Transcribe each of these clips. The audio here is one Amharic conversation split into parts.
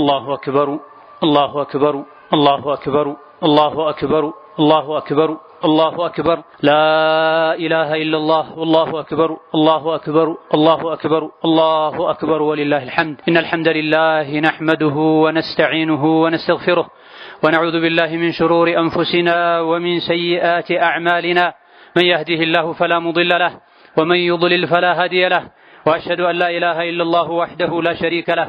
الله أكبر الله أكبر الله أكبر الله أكبر الله أكبر الله أكبر لا إله إلا الله الله أكبر الله أكبر الله أكبر الله أكبر ولله الحمد إن الحمد لله نحمده ونستعينه ونستغفره ونعوذ بالله من شرور أنفسنا ومن سيئات أعمالنا من يهده الله فلا مضل له ومن يضلل فلا هادي له وأشهد أن لا إله إلا الله وحده لا شريك له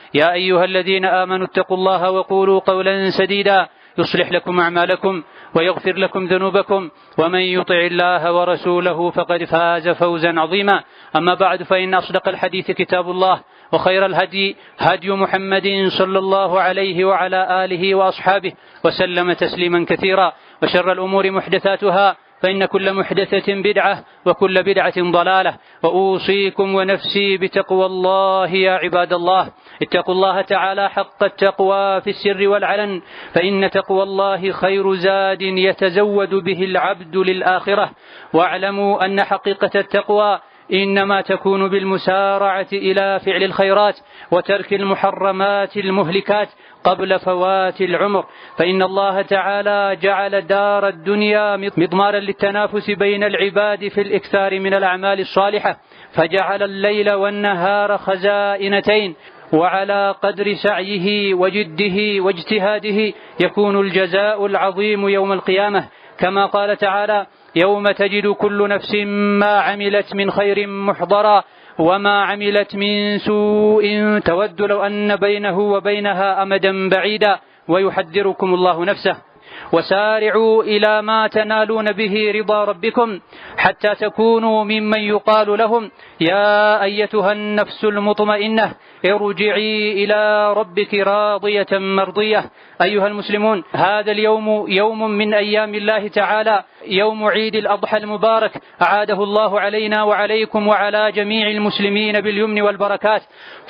يا أيها الذين آمنوا اتقوا الله وقولوا قولا سديدا يصلح لكم أعمالكم ويغفر لكم ذنوبكم ومن يطع الله ورسوله فقد فاز فوزا عظيما أما بعد فإن أصدق الحديث كتاب الله وخير الهدي هدي محمد صلى الله عليه وعلى آله وأصحابه وسلم تسليما كثيرا وشر الأمور محدثاتها فإن كل محدثة بدعة وكل بدعة ضلالة وأوصيكم ونفسي بتقوى الله يا عباد الله اتقوا الله تعالى حق التقوى في السر والعلن فإن تقوى الله خير زاد يتزود به العبد للآخرة واعلموا أن حقيقة التقوى إنما تكون بالمسارعة إلى فعل الخيرات وترك المحرمات المهلكات قبل فوات العمر فإن الله تعالى جعل دار الدنيا مضمارا للتنافس بين العباد في الإكثار من الأعمال الصالحة فجعل الليل والنهار خزائنتين وعلى قدر سعيه وجده واجتهاده يكون الجزاء العظيم يوم القيامة كما قال تعالى يوم تجد كل نفس ما عملت من خير محضرا وما عملت من سوء تود لو أن بينه وبينها أمدا بعيدا ويحذركم الله نفسه وسارعوا إلى ما تنالون به رضا ربكم حتى تكونوا ممن يقال لهم يا أيتها النفس المطمئنة ارجعي إلى ربك راضية مرضية أيها المسلمون هذا اليوم يوم من أيام الله تعالى يوم عيد الأضحى المبارك أعاده الله علينا وعليكم وعلى جميع المسلمين باليمن والبركات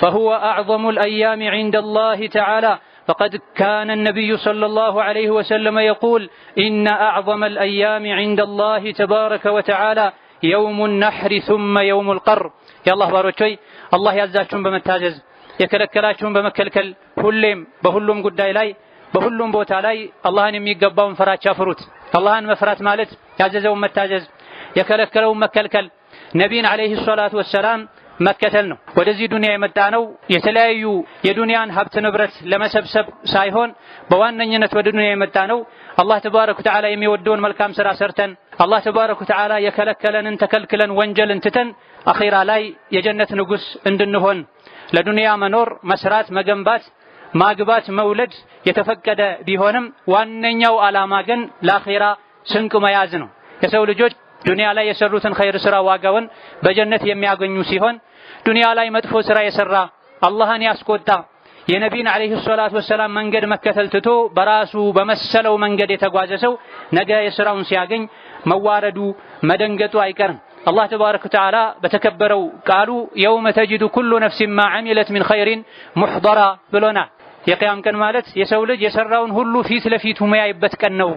فهو أعظم الأيام عند الله تعالى فقد كان النبي صلى الله عليه وسلم يقول ان اعظم الايام عند الله تبارك وتعالى يوم النحر ثم يوم القر يا الله باروتوي الله يعزاكم بمتاجز يكلكلاكم بمكلكل كلهم بهلهم قداي لاي بهلهم بوتا لاي الله ان يميقبهم فرات شافروت الله ان مفرات مالت يعززهم متاجز يكلكلهم مكلكل نبينا عليه الصلاه والسلام መከተል ነው። ወደዚህ ዱንያ የመጣ ነው የተለያዩ የዱንያን ሀብት ንብረት ለመሰብሰብ ሳይሆን በዋነኝነት ወደ ዱንያ የመጣ ነው አላህ ተባረከ ወተዓላ የሚወደውን መልካም ስራ ሰርተን አላህ ተባረከ ወተዓላ የከለከለንን ተከልክለን ወንጀልን ትተን አኼራ ላይ የጀነት ንጉስ እንድንሆን ለዱንያ መኖር፣ መስራት፣ መገንባት፣ ማግባት፣ መውለድ የተፈቀደ ቢሆንም ዋነኛው ዓላማ ግን ለአኼራ ስንቅ መያዝ ነው። የሰው ልጆች ዱንያ ላይ የሰሩትን ኸይር ስራ ዋጋውን በጀነት የሚያገኙ ሲሆን ዱንያ ላይ መጥፎ ስራ የሰራ አላህን ያስቆጣ የነቢን ዓለይሂ ሰላቱ ወሰላም መንገድ መከተል ትቶ በራሱ በመሰለው መንገድ የተጓዘ ሰው ነገ የስራውን ሲያገኝ መዋረዱ መደንገጡ አይቀርም። አላህ ተባረከ ወተዓላ በተከበረው ቃሉ የውመ ተጅዱ ኩሉ ነፍሲን ማ ዐሚለት ሚን ኸይሪን ሙሕደራ ብሎናል። የቅያም ቀን ማለት የሰው ልጅ የሰራውን ሁሉ ፊት ለፊቱ መያይበት ቀን ነው።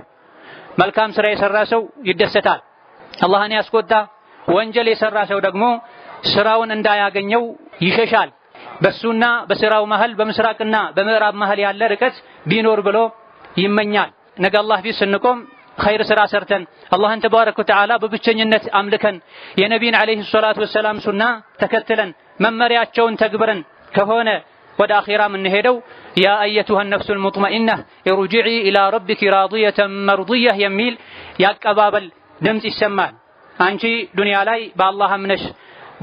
መልካም ስራ የሰራ ሰው ይደሰታል። አላህን ያስቆጣ ወንጀል የሰራ ሰው ደግሞ ስራውን እንዳያገኘው ይሸሻል። በሱና በስራው መሃል በምስራቅና በምዕራብ መሃል ያለ ርቀት ቢኖር ብሎ ይመኛል። ነገ አላህ ፊት ስንቆም ኸይር ስራ ሰርተን አላህን ተባረከ ወተዓላ በብቸኝነት አምልከን የነቢን ዓለይሂ ሰላቱ ወሰላም ሱና ተከትለን መመሪያቸውን ተግብረን ከሆነ ወደ አኼራ የምንሄደው ያ አየቱሃ ነፍሱል ሙጥመኢነህ ሩጅዒ ኢላ ረቢኪ ራድየተን መርድየህ የሚል ያቀባበል ድምፅ ይሰማል። አንቺ ዱንያ ላይ በአላህ አምነሽ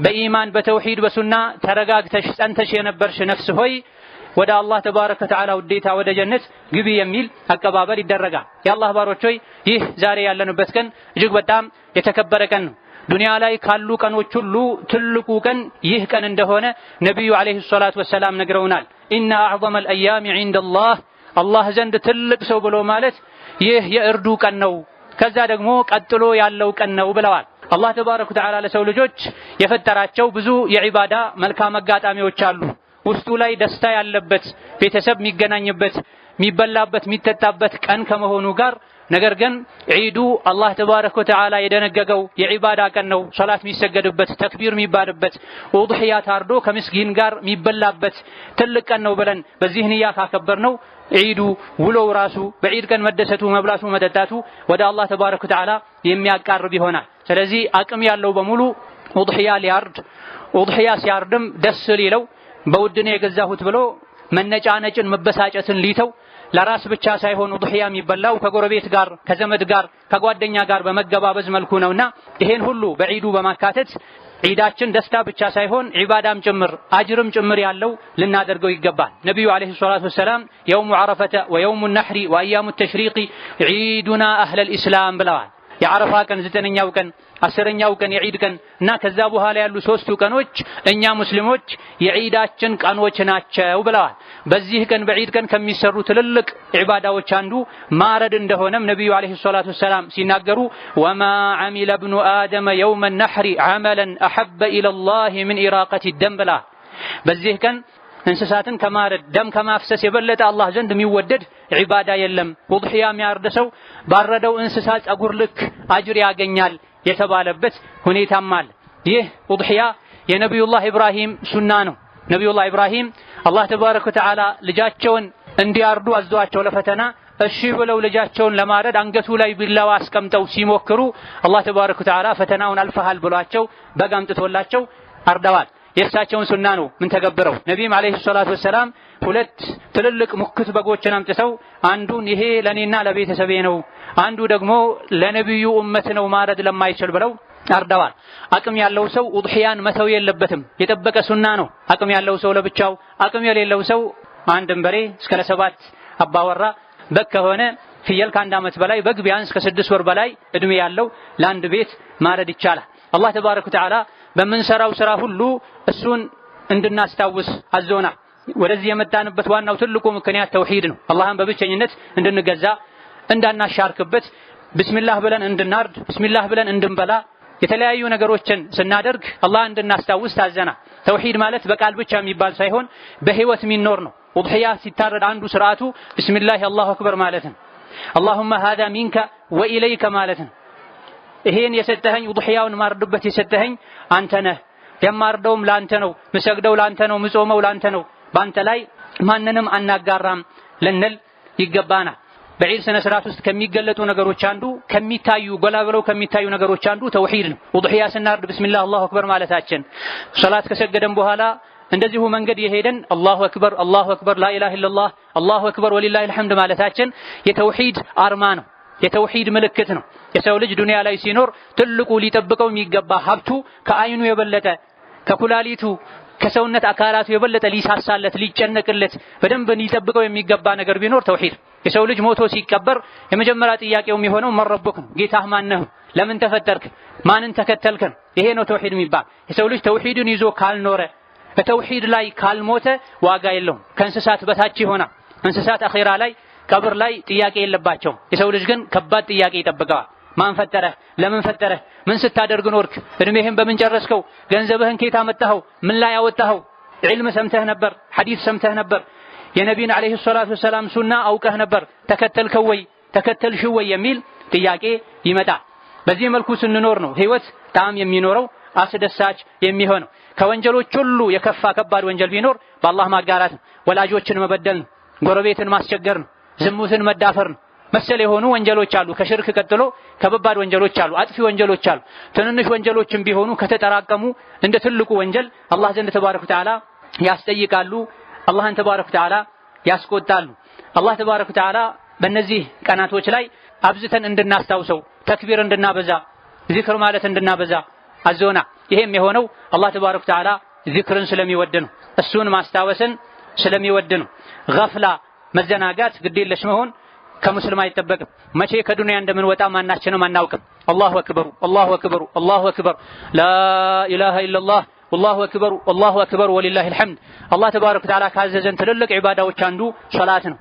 በኢማን በተውሂድ በሱና ተረጋግተሽ ጸንተሽ የነበርሽ ነፍስ ሆይ ወደ አላህ ተባረከ ወተዓላ ውዴታ ወደ ጀነት ግቢ የሚል አቀባበል ይደረጋል። የአላህ ባሮች ሆይ ይህ ዛሬ ያለንበት ቀን እጅግ በጣም የተከበረ ቀን ነው። ዱንያ ላይ ካሉ ቀኖች ሁሉ ትልቁ ቀን ይህ ቀን እንደሆነ ነቢዩ ዓለይሂ ሰላቱ ወሰላም ነግረውናል። ኢነ አዕዘመል አያሚ ዒንደላህ አላህ ዘንድ ትልቅ ሰው ብሎ ማለት ይህ የእርዱ ቀን ነው፣ ከዛ ደግሞ ቀጥሎ ያለው ቀን ነው ብለዋል። አላህ ተባረክ ወተዓላ ለሰው ልጆች የፈጠራቸው ብዙ የዒባዳ መልካም አጋጣሚዎች አሉ። ውስጡ ላይ ደስታ ያለበት ቤተሰብ የሚገናኝበት የሚበላበት የሚጠጣበት ቀን ከመሆኑ ጋር ነገር ግን ዒዱ አላህ ተባረከ ወተዓላ የደነገገው የዒባዳ ቀን ነው። ሶላት የሚሰገድበት፣ ተክቢር የሚባልበት፣ ውድሕያ ታርዶ ከምስኪን ጋር የሚበላበት ትልቅ ቀን ነው ብለን በዚህ ንያ ካከበር ነው ዒዱ ውሎው ራሱ በዒድ ቀን መደሰቱ፣ መብላቱ፣ መጠጣቱ ወደ አላህ ተባረከ ወተዓላ የሚያቃርብ ይሆናል። ስለዚህ አቅም ያለው በሙሉ ውድሕያ ሊያርድ ውድሕያ ሲያርድም ደስ ሊለው በውድ ነው የገዛሁት ብሎ መነጫነጭን፣ መበሳጨትን ሊተው ለራስ ብቻ ሳይሆን ዱህያ የሚበላው ከጎረቤት ጋር፣ ከዘመድ ጋር፣ ከጓደኛ ጋር በመገባበዝ መልኩ ነውና ይሄን ሁሉ በዒዱ በማካተት ዒዳችን ደስታ ብቻ ሳይሆን ዒባዳም ጭምር አጅርም ጭምር ያለው ልናደርገው ይገባል። ነቢዩ ዓለይሂ ሰላቱ ወሰላም የውሙ ዓረፈተ ወየውሙ ነሕሪ ወአያሙ ተሽሪቂ ዒዱና አህለል ኢስላም ብለዋል። የዓረፋ ቀን ዘጠነኛው ቀን አስረኛው ቀን የዒድ ቀን እና ከዛ በኋላ ያሉ ሶስቱ ቀኖች እኛ ሙስሊሞች የዒዳችን ቀኖች ናቸው ብለዋል። በዚህ ቀን በዒድ ቀን ከሚሰሩ ትልልቅ ዒባዳዎች አንዱ ማረድ እንደሆነም ነቢዩ ዓለይሂ ሰላቱ ወሰላም ሲናገሩ ወማ ዐሚለ ብኑ አደመ የውመ ነሕሪ ዐመለን አሐበ ኢለላህ ምን ኢራቀት ደም ብለዋል። በዚህ ቀን እንስሳትን ከማረድ ደም ከማፍሰስ የበለጠ አላህ ዘንድ የሚወደድ ዒባዳ የለም። ውድሕያ የሚያርድ ሰው ባረደው እንስሳ ጸጉር ልክ አጅር ያገኛል። የተባለበት ሁኔታም አለ። ይህ ውድሕያ የነቢዩላህ ኢብራሂም ሱና ነው። ነቢዩላህ ኢብራሂም አላህ ተባረከ ወተዓላ ልጃቸውን እንዲያርዱ አዘዋቸው ለፈተና እሺ ብለው ልጃቸውን ለማረድ አንገቱ ላይ ቢላዋ አስቀምጠው ሲሞክሩ አላህ ተባረከ ወተዓላ ፈተናውን አልፈሃል ብሏቸው በግ አምጥቶላቸው አርደዋል። የእሳቸውን ሱና ነው ምን ተገብረው ነቢይም ዓለይሂ ሰላቱ ወሰላም ሁለት ትልልቅ ሙክት በጎችን አምጥተው አንዱን ይሄ ለእኔና ለቤተሰቤ ነው፣ አንዱ ደግሞ ለነቢዩ እመት ነው ማረድ ለማይችል ብለው አርደዋል። አቅም ያለው ሰው ውድሕያን መተው የለበትም። የጠበቀ ሱና ነው። አቅም ያለው ሰው ለብቻው፣ አቅም የሌለው ሰው አንድን በሬ እስከ ለሰባት አባወራ በግ ከሆነ ፍየል ከአንድ ዓመት በላይ በግ ቢያንስ ከስድስት ወር በላይ እድሜ ያለው ለአንድ ቤት ማረድ ይቻላል። አላህ ተባረከ ወተዓላ በምንሰራው ስራ ሁሉ እሱን እንድናስታውስ አዞናል። ወደዚህ የመጣንበት ዋናው ትልቁ ምክንያት ተውሂድ ነው። አላህን በብቸኝነት እንድንገዛ እንዳናሻርክበት፣ ብስሚላህ ብለን እንድናርድ፣ ብስሚላህ ብለን እንድንበላ፣ የተለያዩ ነገሮችን ስናደርግ አላህ እንድናስታውስ ታዘና። ተውሂድ ማለት በቃል ብቻ የሚባል ሳይሆን በህይወት የሚኖር ነው። ውድሕያ ሲታረድ አንዱ ስርዓቱ ብስሚላህ አላሁ አክበር ማለት ነው። አላሁመ ሃዛ ሚንከ ወኢለይከ ማለት ነው። ይሄን የሰጠኸኝ ውድሕያውን ማርድበት የሰጠኸኝ አንተ ነህ። የማርደውም ላንተ ነው። ምሰግደው ላንተ ነው። ምጾመው ላንተ ነው። በአንተ ላይ ማንንም አናጋራም ልንል ይገባናል። በዒድ ስነ ስርዓት ውስጥ ከሚገለጡ ነገሮች አንዱ ከሚታዩ ጎላ ብለው ከሚታዩ ነገሮች አንዱ ተውሂድ ነው። ውድሕያ ስናርድ ብስሚላህ አላሁ አክበር ማለታችን፣ ሶላት ከሰገደን በኋላ እንደዚሁ መንገድ የሄደን አላሁ አክበር አላሁ አክበር ላኢላሃ ኢለላህ አላሁ አክበር ወሊላሂል ሐምድ ማለታችን የተውሂድ አርማ ነው። የተውሂድ ምልክት ነው። የሰው ልጅ ዱንያ ላይ ሲኖር ትልቁ ሊጠብቀው የሚገባ ሀብቱ ከአይኑ የበለጠ ከኩላሊቱ ከሰውነት አካላቱ የበለጠ ሊሳሳለት ሊጨነቅለት በደንብ ሊጠብቀው የሚገባ ነገር ቢኖር ተውሂድ። የሰው ልጅ ሞቶ ሲቀበር የመጀመሪያ ጥያቄው የሚሆነው መረቡክ ነው። ጌታህ ማነህ? ለምን ተፈጠርክ? ማንን ተከተልክ? ይሄ ነው ተውሂድ የሚባል። የሰው ልጅ ተውሂድን ይዞ ካልኖረ በተውሂድ ላይ ካልሞተ ዋጋ የለውም። ከእንስሳት በታች ይሆናል። እንስሳት አኼራ ላይ ቀብር ላይ ጥያቄ የለባቸውም። የሰው ልጅ ግን ከባድ ጥያቄ ይጠብቀዋል። ማን ፈጠረህ? ለምን ፈጠረህ? ምን ስታደርግ ኖርክ? እድሜህን በምን ጨረስከው? ገንዘብህን ከየት አመጣኸው? ምን ላይ አወጣኸው? ዒልም ሰምተህ ነበር? ሐዲስ ሰምተህ ነበር? የነቢን ዓለይሂ ሰላቱ ወሰላም ሱና አውቀህ ነበር? ተከተልከው ወይ ተከተልሽው ወይ የሚል ጥያቄ ይመጣ። በዚህ መልኩ ስንኖር ነው ህይወት ጣዕም የሚኖረው አስደሳች የሚሆነው። ከወንጀሎች ሁሉ የከፋ ከባድ ወንጀል ቢኖር በአላህ ማጋራት ነው፣ ወላጆችን መበደል ነው፣ ጎረቤትን ማስቸገር ነው፣ ዝሙትን መዳፈር ነው። መሰል የሆኑ ወንጀሎች አሉ። ከሽርክ ቀጥሎ ከበባድ ወንጀሎች አሉ፣ አጥፊ ወንጀሎች አሉ። ትንንሽ ወንጀሎችም ቢሆኑ ከተጠራቀሙ እንደ ትልቁ ወንጀል አላህ ዘንድ ተባረከ ወተዓላ ያስጠይቃሉ። አላህን ተባረከ ወተዓላ ያስቆጣሉ። አላህ ተባረከ ወተዓላ በእነዚህ ቀናቶች ላይ አብዝተን እንድናስታውሰው ተክቢር እንድናበዛ ዚክር ማለት እንድናበዛ አዞና። ይሄም የሆነው አላህ ተባረከ ወተዓላ ዚክርን ስለሚወድ ነው። እሱን ማስታወስን ስለሚወድ ነው። ገፍላ መዘናጋት፣ ግዴለሽ መሆን كمسلم ما يتبقى ما شيء كدنيا عند من وتأم الناس شنو ما ناوكم الله أكبر الله أكبر الله أكبر لا إله إلا الله الله أكبر الله أكبر ولله الحمد الله تبارك وتعالى كاز زن تللك عبادة وشاندو صلاتنا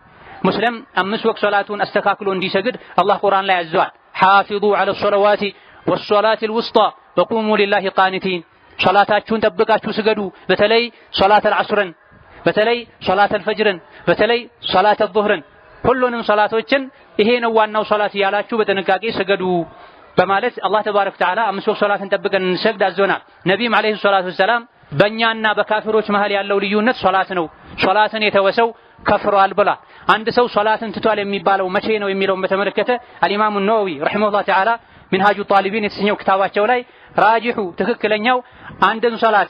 مسلم أمس وقت صلاتون استكاكلون دي سجد الله قرآن لا يزوال حافظوا على الصلوات والصلاة الوسطى وقوموا لله قانتين صلاتاتكم تبقاتكم سجدوا بتلي صلاة العصر بتلي صلاة الفجر بتلي صلاة الظهر ሁሉንም ሶላቶችን ይሄ ነው ዋናው ሶላት እያላችሁ በጥንቃቄ ስገዱ በማለት አላህ ተባረከ ወተዓላ አምስት ወቅት ሶላትን ጠብቀን እንሰግድ አዞናል። ነቢይም ዓለይሂ ሰላቱ ወሰላም በእኛና በካፊሮች መሃል ያለው ልዩነት ሶላት ነው፣ ሶላትን የተወሰው ከፍሯል ብሏል። አንድ ሰው ሶላትን ትቷል የሚባለው መቼ ነው የሚለውን በተመለከተ አልኢማሙ ነወዊ ረሒመሁላህ ተዓላ ሚንሃጁ ጣሊቢን የተሰኘው ክታባቸው ላይ ራጅሑ ትክክለኛው አንድን ሶላት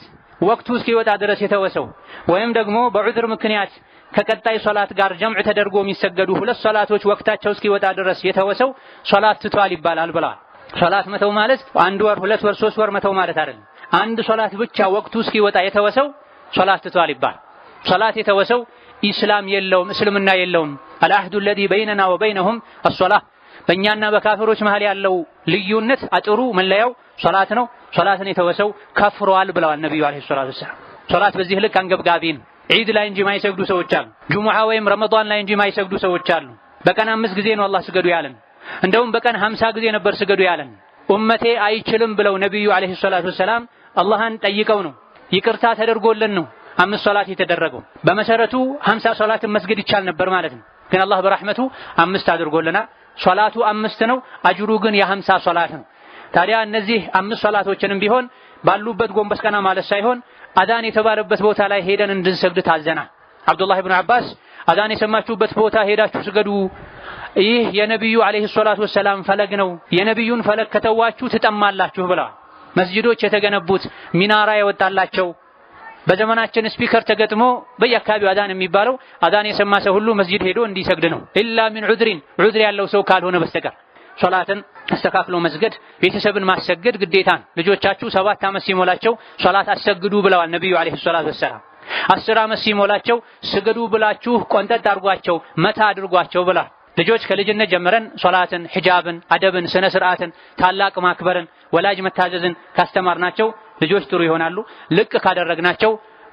ወቅቱ እስኪወጣ ድረስ የተወሰው ወይም ደግሞ በዑድር ምክንያት ከቀጣይ ሶላት ጋር ጀምዕ ተደርጎ የሚሰገዱ ሁለት ሶላቶች ወቅታቸው እስኪወጣ ድረስ የተወሰው ሶላት ትቷል ይባላል ብለዋል። ሶላት መተው ማለት አንድ ወር፣ ሁለት ወር፣ ሶስት ወር መተው ማለት አይደለም። አንድ ሶላት ብቻ ወቅቱ እስኪወጣ የተወሰው ሶላት ትቷል ይባል። ሶላት የተወሰው ኢስላም የለውም እስልምና የለውም። አልአህዱ ለዚ በይነና ወበይነሁም አሶላህ በእኛና በካፍሮች መሃል ያለው ልዩነት አጥሩ መለያው ሶላት ነው። ሶላትን የተወሰው ከፍሯል ብለዋል ነብዩ አለይሂ ሰላቱ ወሰላም። ሶላት በዚህ ልክ አንገብጋቢ ነው። ዒድ ላይ እንጂ ማይሰግዱ ሰዎች አሉ። ጁሙዓ ወይም ረመዷን ላይ እንጂ ማይሰግዱ ሰዎች አሉ። በቀን አምስት ጊዜ ነው አላህ ስገዱ ያለን። እንደውም በቀን ሀምሳ ጊዜ ነበር ስገዱ ያለን። ኡመቴ አይችልም ብለው ነቢዩ ዓለይሂ ሰላቱ ወሰላም አላህን ጠይቀው ነው ይቅርታ ተደርጎልን ነው አምስት ሶላት የተደረገው። በመሰረቱ ሀምሳ ሶላትን መስገድ ይቻል ነበር ማለት ነው። ግን አላህ በረሕመቱ አምስት አድርጎልናል። ሶላቱ አምስት ነው፣ አጅሩ ግን የሀምሳ ሶላት ነው። ታዲያ እነዚህ አምስት ሶላቶችንም ቢሆን ባሉበት ጎንበስ ቀና ማለት ሳይሆን አዛን የተባለበት ቦታ ላይ ሄደን እንድንሰግድ ታዘና። አብዱላህ ብን አባስ አዛን የሰማችሁበት ቦታ ሄዳችሁ ስገዱ፣ ይህ የነቢዩ አለይሂ ሰላቱ ወሰላም ፈለግ ነው፣ የነቢዩን ፈለግ ከተዋችሁ ትጠማላችሁ ብለዋል። መስጂዶች የተገነቡት ሚናራ የወጣላቸው በዘመናችን ስፒከር ተገጥሞ በየአካባቢው አዛን የሚባለው አዛን የሰማ ሰው ሁሉ መስጂድ ሄዶ እንዲሰግድ ነው። ኢላ ሚን ዑድሪን ዑድር ያለው ሰው ካልሆነ በስተቀር ሶላትን አስተካክሎ መስገድ፣ ቤተሰብን ማሰገድ ግዴታ ነው። ልጆቻችሁ ሰባት ዓመት ሲሞላቸው ሶላት አሰግዱ ብለዋል ነብዩ አለይሂ ሰላቱ ወሰላም። አስር ዓመት ሲሞላቸው ስገዱ ብላችሁ ቆንጠጥ አድርጓቸው፣ መታ አድርጓቸው ብለዋል። ልጆች ከልጅነት ጀምረን ሶላትን፣ ሒጃብን፣ አደብን፣ ስነ ስርዓትን፣ ታላቅ ማክበርን፣ ወላጅ መታዘዝን ካስተማርናቸው ልጆች ጥሩ ይሆናሉ። ልቅ ካደረግናቸው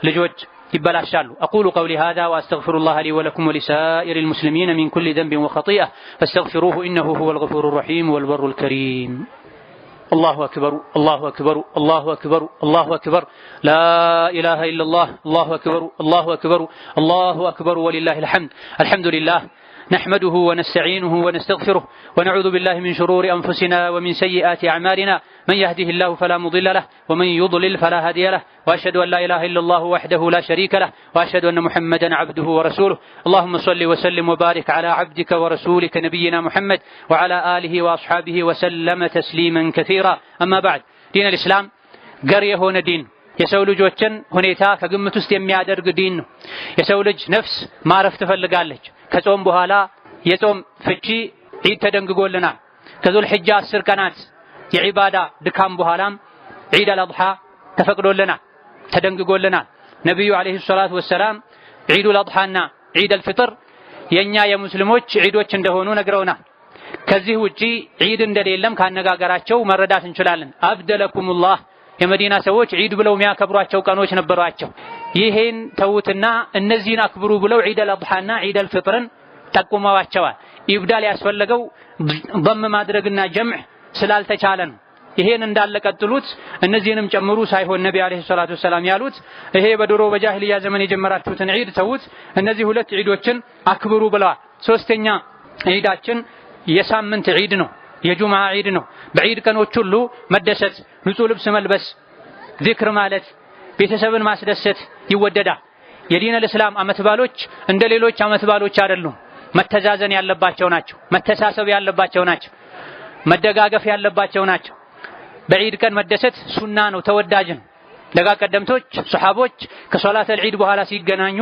ልጆች يبلاشالو اقول قولي هذا واستغفر الله لي ولكم ولسائر المسلمين من كل ذنب وخطيئه فاستغفروه انه هو الغفور الرحيم والبر الكريم الله اكبر الله اكبر الله اكبر الله اكبر لا اله الا الله الله اكبر الله اكبر الله اكبر ولله الحمد الحمد لله نحمده ونستعينه ونستغفره ونعوذ بالله من شرور أنفسنا ومن سيئات أعمالنا من يهده الله فلا مضل له ومن يضلل فلا هادي له وأشهد أن لا إله إلا الله وحده لا شريك له وأشهد أن محمدا عبده ورسوله اللهم صل وسلم وبارك على عبدك ورسولك نبينا محمد وعلى آله وأصحابه وسلم تسليما كثيرا أما بعد دين الإسلام قرية هنا دين የሰው ልጆችን ሁኔታ ከግምት ውስጥ የሚያደርግ ዲን ነው። የሰው ልጅ ነፍስ ማረፍ ትፈልጋለች። ከጾም በኋላ የጾም ፍቺ ዒድ ተደንግጎልናል። ከዙል ሕጃ አስር ቀናት የዒባዳ ድካም በኋላም ዒድ አልአድሓ ተፈቅዶልናል፣ ተደንግጎልናል። ነቢዩ ዓለይሂ ሰላቱ ወሰላም ዒዱ አልአድሓና ዒድ አልፍጥር የእኛ የሙስሊሞች ዒዶች እንደሆኑ ነግረውናል። ከዚህ ውጪ ዒድ እንደሌለም ካነጋገራቸው መረዳት እንችላለን። አብደለኩሙላህ የመዲና ሰዎች ዒድ ብለው የሚያከብሯቸው ቀኖች ነበሯቸው። ይሄን ተዉትና እነዚህን አክብሩ ብለው ዒድ አልአድሓና ዒድ አልፍጥርን ጠቁመዋቸዋል። ኢብዳል ያስፈለገው በም ማድረግና ጀምዕ ስላልተቻለ ነው። ይሄን እንዳለቀጥሉት እነዚህንም ጨምሩ ሳይሆን ነቢ አለይሂ ሰላቱ ወሰላም ያሉት ይሄ በድሮ በጃህልያ ዘመን የጀመራችሁትን ዒድ ተዉት፣ እነዚህ ሁለት ዒዶችን አክብሩ ብለዋል። ሶስተኛ ዒዳችን የሳምንት ዒድ ነው። የጁማ ዒድ ነው። በዒድ ቀኖች ሁሉ መደሰት፣ ንጹህ ልብስ መልበስ፣ ዚክር ማለት፣ ቤተሰብን ማስደሰት ይወደዳል። የዲነል እስላም አመት በዓሎች እንደ ሌሎች አመት ባሎች አይደሉም። መተዛዘን ያለባቸው ናቸው። መተሳሰብ ያለባቸው ናቸው። መደጋገፍ ያለባቸው ናቸው። በዒድ ቀን መደሰት ሱና ነው፣ ተወዳጅ ነው። ደጋ ቀደምቶች ሰሓቦች ከሶላተል ዒድ በኋላ ሲገናኙ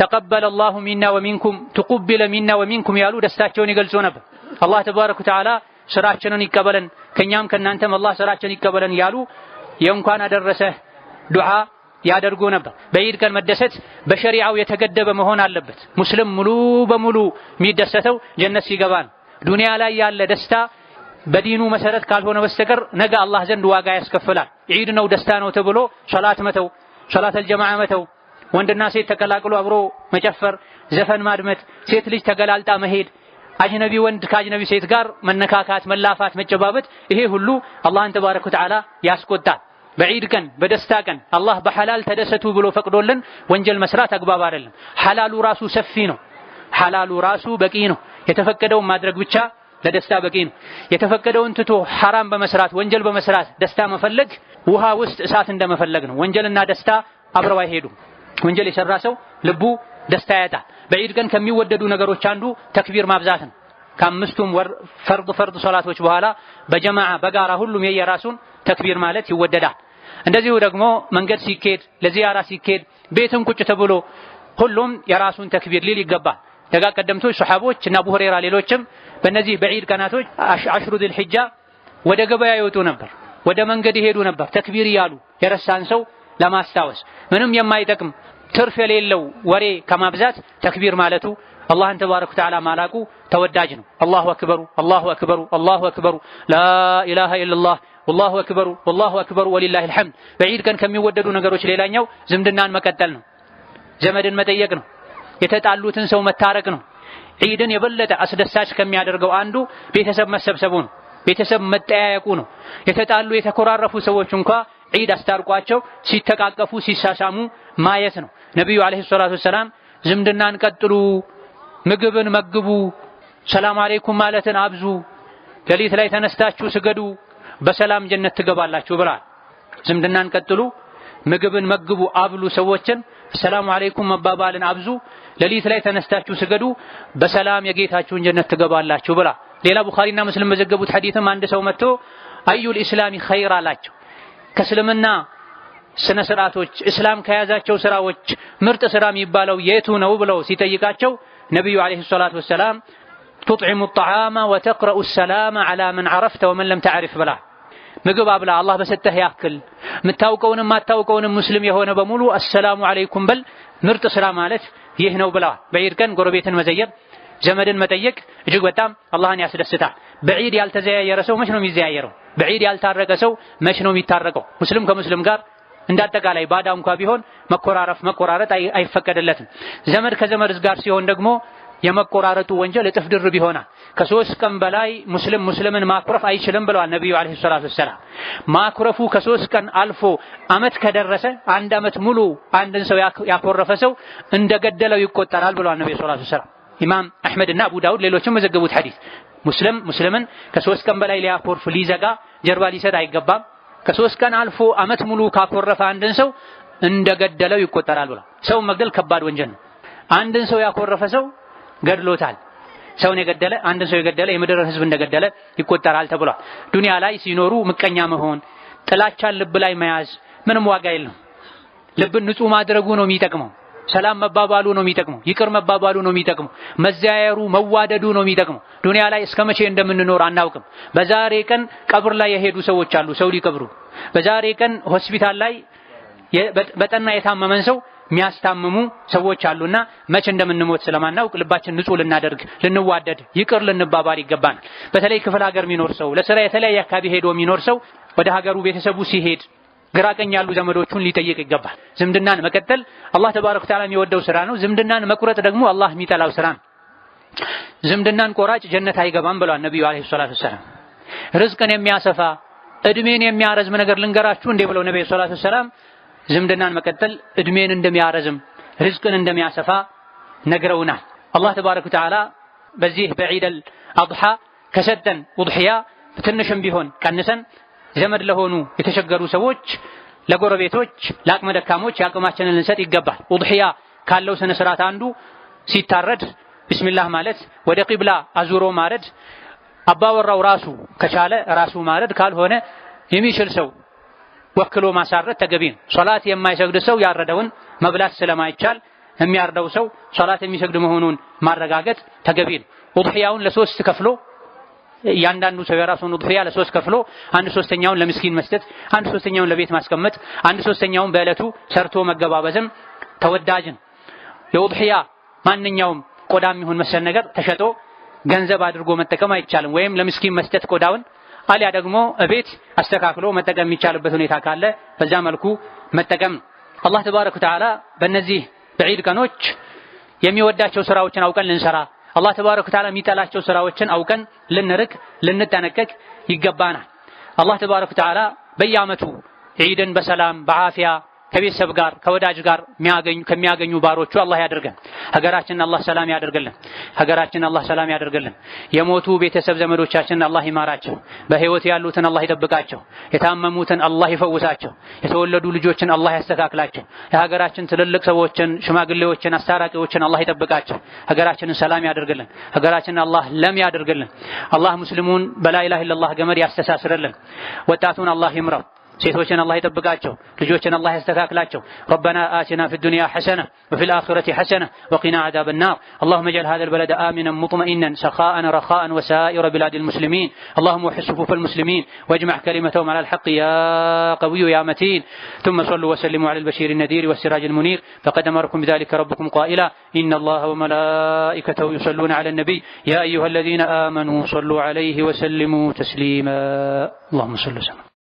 ተቀበለ አላሁ ሚና ወሚንኩም ቱቁቢለ ሚና ወሚንኩም ያሉ ደስታቸውን ይገልጹ ነበር። አላህ ተባረክ ወተዓላ ስራችንን ይቀበለን፣ ከኛም ከናንተም አላህ ስራችን ይቀበለን ያሉ የእንኳን አደረሰህ ዱዓ ያደርጉ ነበር። በኢድ ቀን መደሰት በሸሪዓው የተገደበ መሆን አለበት። ሙስልም ሙሉ በሙሉ የሚደሰተው ጀነት ሲገባ ነው። ዱንያ ላይ ያለ ደስታ በዲኑ መሰረት ካልሆነ በስተቀር ነገ አላህ ዘንድ ዋጋ ያስከፍላል። ዒድ ነው ደስታ ነው ተብሎ ሶላት መተው፣ ሶላት አልጀማዓ መተው፣ ወንድና ሴት ተቀላቅሎ አብሮ መጨፈር፣ ዘፈን ማድመጥ፣ ሴት ልጅ ተገላልጣ መሄድ አጅነቢ ወንድ ከአጅነቢ ሴት ጋር መነካካት፣ መላፋት፣ መጨባበት ይሄ ሁሉ አላህን ተባረከ ወተዓላ ያስቆጣል። በዒድ ቀን በደስታ ቀን አላህ በሐላል ተደሰቱ ብሎ ፈቅዶልን ወንጀል መስራት አግባብ አይደለም። ሐላሉ ራሱ ሰፊ ነው። ሐላሉ ራሱ በቂ ነው። የተፈቀደውን ማድረግ ብቻ ለደስታ በቂ ነው። የተፈቀደውን ትቶ ሐራም በመስራት ወንጀል በመስራት ደስታ መፈለግ ውሃ ውስጥ እሳት እንደመፈለግ ነው። ወንጀልና ደስታ አብረው አይሄዱም። ወንጀል የሰራ ሰው ልቡ ደስታ ያጣል። በዒድ ቀን ከሚወደዱ ነገሮች አንዱ ተክቢር ማብዛት ነው። ከአምስቱም ፈርድ ፈርድ ሶላቶች በኋላ በጀማዓ በጋራ ሁሉም የየራሱን ተክቢር ማለት ይወደዳል። እንደዚሁ ደግሞ መንገድ ሲኬድ ለዚያራ ሲኬድ ቤትም ቁጭ ተብሎ ሁሉም የራሱን ተክቢር ሊል ይገባል። ደጋ ቀደምቶች ሶሐቦች እና አቡ ሁረይራ ሌሎችም በእነዚህ በዒድ ቀናቶች አሽሩ ዚል ሒጃ ወደ ገበያ ይወጡ ነበር፣ ወደ መንገድ ይሄዱ ነበር ተክቢር እያሉ የረሳን ሰው ለማስታወስ ምንም የማይጠቅም ትርፍ የሌለው ወሬ ከማብዛት ተክቢር ማለቱ አላህን ተባረክ ወተዓላ ማላቁ ተወዳጅ ነው። አላሁ አክበሩ አላሁ አክበሩ አላሁ አክበሩ ላኢላሃ ኢለላህ ወላሁ አክበሩ ወላሁ አክበሩ ወሊላሂል ሐምድ። በዒድ ቀን ከሚወደዱ ነገሮች ሌላኛው ዝምድናን መቀጠል ነው። ዘመድን መጠየቅ ነው። የተጣሉትን ሰው መታረቅ ነው። ዒድን የበለጠ አስደሳች ከሚያደርገው አንዱ ቤተሰብ መሰብሰቡ ነው። ቤተሰብ መጠያየቁ ነው። የተጣሉ የተኮራረፉ ሰዎች እንኳ ዒድ አስታርቋቸው ሲተቃቀፉ ሲሳሳሙ ማየት ነው። ነቢዩ አለይሂ ሰላቱ ሰላም ዝምድናን ቀጥሉ፣ ምግብን መግቡ፣ ሰላም አለይኩም ማለትን አብዙ፣ ሌሊት ላይ ተነስታችሁ ስገዱ፣ በሰላም ጀነት ትገባላችሁ ብለዋል። ዝምድናን ቀጥሉ፣ ምግብን መግቡ፣ አብሉ ሰዎችን፣ ሰላም አለይኩም መባባልን አብዙ፣ ሌሊት ላይ ተነስታችሁ ስገዱ፣ በሰላም የጌታችሁን ጀነት ትገባላችሁ ብላ ሌላ ቡኻሪና ሙስሊም በዘገቡት ሐዲትም አንድ ሰው መጥቶ አዩል ኢስላሚ ኸይር አላቸው ከእስልምና ስነ ስርዓቶች እስላም ከያዛቸው ስራዎች ምርጥ ስራ የሚባለው የቱ ነው ብለው ሲጠይቃቸው ነቢዩ አለይሂ ሰላቱ ወሰላም ቱጥዒሙ ጣዓማ ወተቅረኡ ሰላማ ዐላ መን ዐረፍተ ወመን ለም ተዕሪፍ ብላ ምግብ አብላ አላህ በሰጠህ ያክል የምታውቀውንም ማታውቀውንም ሙስሊም የሆነ በሙሉ አሰላሙ አለይኩም በል። ምርጥ ስራ ማለት ይህ ነው ብለዋል። በዒድ ቀን ጎረቤትን መዘየር፣ ዘመድን መጠየቅ እጅግ በጣም አላህን ያስደስታል። በዒድ ያልተዘያየረ ሰው መች ነው የሚዘያየረው? በዒድ ያልታረቀ ሰው መች ነው የሚታረቀው? ሙስሊም ከሙስሊም ጋር እንደ አጠቃላይ ባዳ እንኳ ቢሆን መኮራረፍ መቆራረጥ አይፈቀድለትም። ዘመድ ከዘመድ ጋር ሲሆን ደግሞ የመቆራረጡ ወንጀል እጥፍ ድርብ ይሆናል። ከሶስት ቀን በላይ ሙስልም ሙስልምን ማኩረፍ አይችልም ብለዋል ነቢዩ አለይሂ ሰላቱ ወሰላም። ማኩረፉ ከሶስት ቀን አልፎ አመት ከደረሰ አንድ አመት ሙሉ አንድን ሰው ያኮረፈ ሰው እንደገደለው ይቆጠራል ብለዋል ነቢዩ ሰላቱ ወሰላም። ኢማም አሕመድ እና አቡ ዳውድ ሌሎችም መዘገቡት ሐዲስ ሙስልም ሙስልምን ከሶስት ቀን በላይ ሊያኮርፍ ሊዘጋ ጀርባ ሊሰጥ አይገባም። ከሶስት ቀን አልፎ አመት ሙሉ ካኮረፈ አንድን ሰው እንደገደለው ይቆጠራል ብሏል። ሰው መግደል ከባድ ወንጀል ነው። አንድን ሰው ያኮረፈ ሰው ገድሎታል። ሰውን የገደለ አንድን ሰው የገደለ የምድር ህዝብ እንደገደለ ይቆጠራል ተብሏል። ዱንያ ላይ ሲኖሩ ምቀኛ መሆን፣ ጥላቻን ልብ ላይ መያዝ ምንም ዋጋ የለውም። ልብን ንጹህ ማድረጉ ነው የሚጠቅመው። ሰላም መባባሉ ነው የሚጠቅመው። ይቅር መባባሉ ነው የሚጠቅመው። መዘያየሩ፣ መዋደዱ ነው የሚጠቅመው። ዱንያ ላይ እስከ መቼ እንደምንኖር አናውቅም። በዛሬ ቀን ቀብር ላይ የሄዱ ሰዎች አሉ፣ ሰው ሊቀብሩ። በዛሬ ቀን ሆስፒታል ላይ በጠና የታመመን ሰው የሚያስታምሙ ሰዎች አሉና መቼ እንደምንሞት ስለማናውቅ ልባችን ንጹህ ልናደርግ ልንዋደድ ይቅር ልንባባል ይገባናል። በተለይ ክፍለ ሀገር የሚኖር ሰው ለስራ የተለያየ አካባቢ ሄዶ የሚኖር ሰው ወደ ሀገሩ ቤተሰቡ ሲሄድ ግራቀኝ ያሉ ዘመዶቹን ሊጠይቅ ይገባል። ዝምድናን መቀጠል አላህ ተባረከ ወተዓላ የሚወደው ስራ ነው። ዝምድናን መቁረጥ ደግሞ አላህ የሚጠላው ስራ ነው። ዝምድናን ቆራጭ ጀነት አይገባም ብለዋል ነቢዩ አለይሂ ሰላቱ ወሰላም። ርዝቅን የሚያሰፋ እድሜን የሚያረዝም ነገር ልንገራችሁ እንዴ ብለው ነቢዩ ሰላቱ ወሰላም ዝምድናን መቀጠል እድሜን እንደሚያረዝም ርዝቅን እንደሚያሰፋ ነግረውናል። አላህ ተባረከ ወተዓላ በዚህ በዒደል አድሓ ከሰጠን ውድሕያ ትንሽም ቢሆን ቀንሰን ዘመድ ለሆኑ የተቸገሩ ሰዎች፣ ለጎረቤቶች፣ ለአቅመ ደካሞች የአቅማችንን ልንሰጥ ይገባል። ኡድሕያ ካለው ስነ ስርዓት አንዱ ሲታረድ ቢስሚላህ ማለት፣ ወደ ቂብላ አዙሮ ማረድ፣ አባወራው ራሱ ከቻለ ራሱ ማረድ፣ ካልሆነ የሚችል ሰው ወክሎ ማሳረድ ተገቢ ነው። ሶላት የማይሰግድ ሰው ያረደውን መብላት ስለማይቻል የሚያርደው ሰው ሶላት የሚሰግድ መሆኑን ማረጋገጥ ተገቢ ነው። ኡድሕያውን ለሶስት ከፍሎ እያንዳንዱ ሰው የራሱን ኡድሒያ ለሶስት ከፍሎ አንድ ሶስተኛውን ለምስኪን መስጠት፣ አንድ ሶስተኛውን ለቤት ማስቀመጥ፣ አንድ ሶስተኛውን በእለቱ ሰርቶ መገባበዝም ተወዳጅ ነው። ማንኛውም ቆዳ የሚሆን መሰል ነገር ተሸጦ ገንዘብ አድርጎ መጠቀም አይቻልም። ወይም ለምስኪን መስጠት ቆዳውን አሊያ ደግሞ እቤት አስተካክሎ መጠቀም የሚቻልበት ሁኔታ ካለ በዛ መልኩ መጠቀም ነው። አላህ ተባረከ ወተዓላ በእነዚህ በዒድ ቀኖች የሚወዳቸው ስራዎችን አውቀን ልንሰራ አላህ ተባረከ ወተዓላ የሚጠላቸው ስራዎችን አውቀን ልንርቅ ልንጠነቀቅ ይገባናል። አላህ ተባረከ ወተዓላ በየዓመቱ ዒድን በሰላም በዓፊያ ከቤተሰብ ጋር ከወዳጅ ጋር ከሚያገኙ ባሮቹ አላህ ያደርገን። ሀገራችንን አላህ ሰላም ያደርግልን። ሀገራችንን አላህ ሰላም ያደርግልን። የሞቱ ቤተሰብ ዘመዶቻችንን አላህ ይማራቸው። በህይወት ያሉትን አላህ ይጠብቃቸው። የታመሙትን አላህ ይፈውሳቸው። የተወለዱ ልጆችን አላህ ያስተካክላቸው። የሀገራችን ትልልቅ ሰዎችን፣ ሽማግሌዎችን፣ አስታራቂዎችን አላህ ይጠብቃቸው። ሀገራችንን ሰላም ያደርግልን። ሀገራችንን አላህ ለም ያደርግልን። አላህ ሙስሊሙን በላ ኢላሀ ኢለላህ ገመድ ያስተሳስረልን ወጣቱን አላህ ይምራው። ሴቶችን አላህ ይጠብቃቸው፣ الله አላህ ያስተካክላቸው። ربنا آتنا في الدنيا حسنة وفي الآخرة حسنة وقنا عذاب النار اللهم اجعل هذا البلد آمنا مطمئنا سخاء رخاء وسائر بلاد المسلمين اللهم وحد صفوف المسلمين واجمع كلمتهم على الحق يا قوي يا متين ثم صلوا وسلموا على البشير النذير والسراج المنير فقد أمركم بذلك ربكم قائلا إن الله وملائكته يصلون على النبي يا أيها الذين آمنوا صلوا عليه وسلموا تسليما اللهم صل وسلم